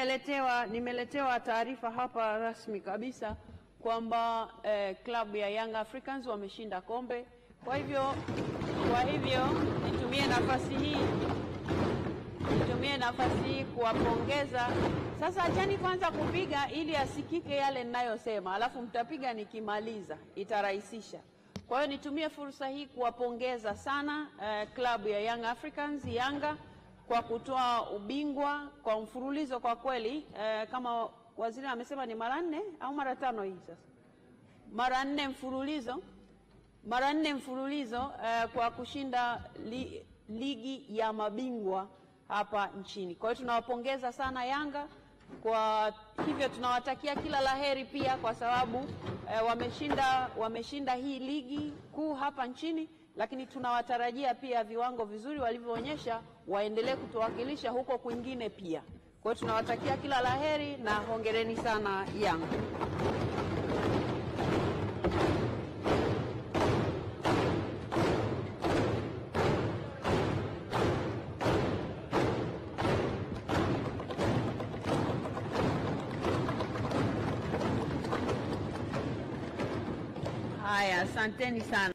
Nimeletewa, nimeletewa taarifa hapa rasmi kabisa kwamba eh, klabu ya Young Africans wameshinda kombe. Kwa hivyo, kwa hivyo nitumie nafasi hii nitumie nafasi hii kuwapongeza. Sasa achani kwanza kupiga ili asikike yale ninayosema, alafu mtapiga nikimaliza, itarahisisha. Kwa hiyo nitumie fursa hii kuwapongeza sana eh, klabu ya Young Africans Yanga kwa kutoa ubingwa kwa mfululizo kwa kweli eh, kama waziri amesema ni mara nne au mara tano hii sasa, mara nne mfululizo, mara nne mfululizo eh, kwa kushinda li, ligi ya mabingwa hapa nchini. Kwa hiyo tunawapongeza sana Yanga kwa hivyo, tunawatakia kila laheri pia kwa sababu eh, wameshinda, wameshinda hii ligi kuu hapa nchini lakini tunawatarajia pia viwango vizuri walivyoonyesha waendelee kutuwakilisha huko kwingine pia. Kwa hiyo tunawatakia kila laheri na hongereni sana Yanga. Haya, asanteni sana.